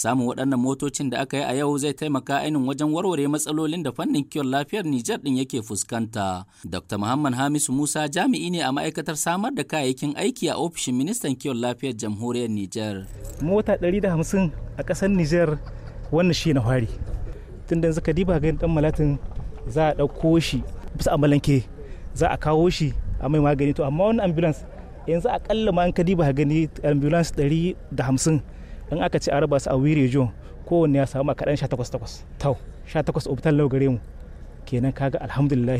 Samun waɗannan motocin da aka yi a yau zai taimaka ainihin wajen warware matsalolin da fannin kiwon lafiyar Nijar ɗin yake fuskanta. Dr. Muhammad Hamisu Musa jami'i ne a ma'aikatar samar da kayayyakin aiki a ofishin ministan kiwon lafiyar jamhuriyar Nijar. Mota 150 a ƙasar Nijar wannan shi na fari. tun yanzu ka diba ganin ɗan malatin za a ɗauko shi bisa amalanke za a kawo shi a mai magani to amma wani ambulance yanzu akalla ma an ka diba gani ambulance 150 in aka ce a raba su a wiri jo kowanne ya samu a kaɗan 18-18 tau 18 obital lau gare mu kenan kaga alhamdulillah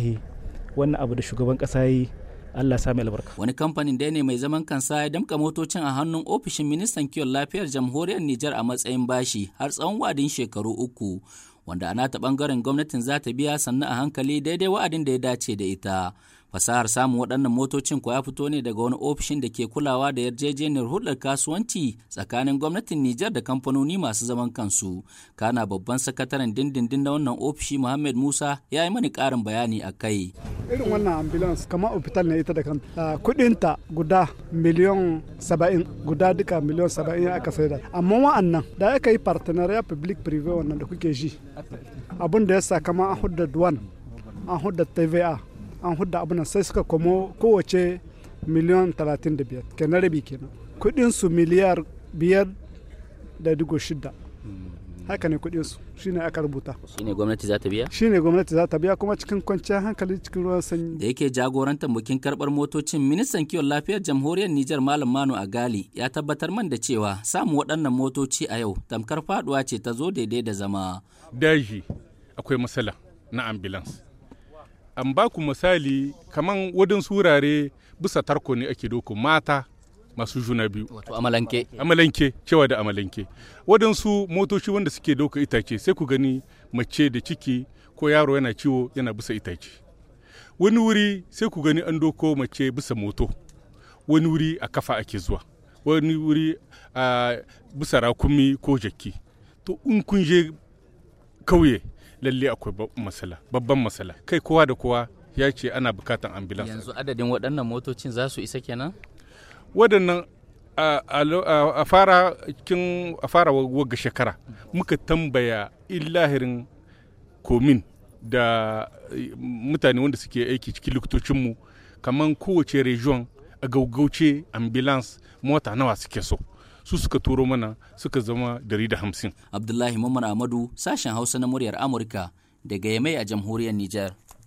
wannan abu da shugaban ƙasa yi Allah ya sami albarka. Wani kamfanin da ne mai zaman kansa ya damka motocin a hannun ofishin ministan kiwon lafiyar jamhuriyar Nijar a matsayin bashi har tsawon wadin shekaru uku. Wanda a nata bangaren gwamnatin za ta biya sannan a hankali daidai wa'adin da ya dace da ita. fasahar samun waɗannan motocin ko ya fito ne daga wani ofishin da ke kulawa da yarjejeniyar hulɗar kasuwanci tsakanin gwamnatin Nijar da kamfanoni masu zaman kansu. Kana babban sakataren dindindin na wannan ofishi Muhammad Musa ya yi mani ƙarin bayani a kai. Irin wannan ambulance kama hospital ne ita da kuɗin ah, Kuɗinta guda miliyon saba'in guda duka miliyon saba'in ya aka saida. Amma wa'annan da aka yi partenariat public privé wannan da kuke ji. Abin da ya sa kama an hudda duwan an hudda TVA an hudda nan sai suka komo kowace miliyan 35 ke na rabi kenan kudinsu miliyar 5.6 haka ne kudinsu shine aka rubuta shine gwamnati za ta biya shine gwamnati za ta biya kuma cikin kwanciyar hankali cikin ruwan sanyi da yake jagorantar bukin karbar motocin ministan kiwon lafiyar jamhuriyar Nijar Malam Manu Agali ya tabbatar man da cewa samun waɗannan motoci a yau tamkar faduwa ce ta zo daidai da zama daji akwai matsala na ambulance an ba ku misali kaman wadin surare bisa tarko ne ake doko mata masu juna biyu wato amalanke amalanke cewa da amalanke wadansu motoci wanda suke doka itace sai ku gani mace da ciki ko yaro yana ciwo yana bisa itace wani wuri sai ku gani an doko mace bisa moto wani wuri a kafa ake zuwa wani wuri a bisa rakumi ko jaki to in kun je kauye lalle akwai matsala babban masala kai kowa da kowa ya ce ana bukatan ambulance yanzu adadin waɗannan motocin za su isa kenan waɗannan a fara kin a fara waga shekara muka tambaya illahirin komin da eh, mutane wanda suke aiki cikin likitocinmu kamar kowace region a gaugauce ambulance mota nawa suke so su suka turo mana suka zama dari da hamsin. Abdullahi Muhammadu Amadu sashen Hausa na muryar Amurka daga Yamai a jamhuriyar Nijar.